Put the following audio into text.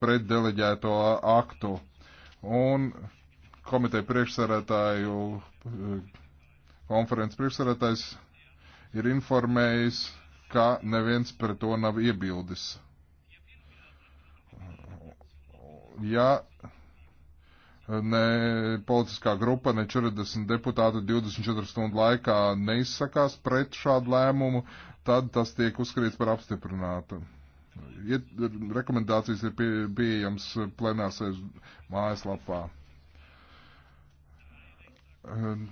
pret deleģēto aktu. Un komiteja priekšsarētāju, eh, konferences priekšsarētājs ir informējis, ka neviens pret to nav iebildis. Ja ne politiskā grupa, ne 40 deputāti 24 stundu laikā neizsakās pret šādu lēmumu, tad tas tiek uzskatīts par apstiprinātu. Iet, rekomendācijas ir pie, pieejams plenārsēs mājaslapā. Ehm,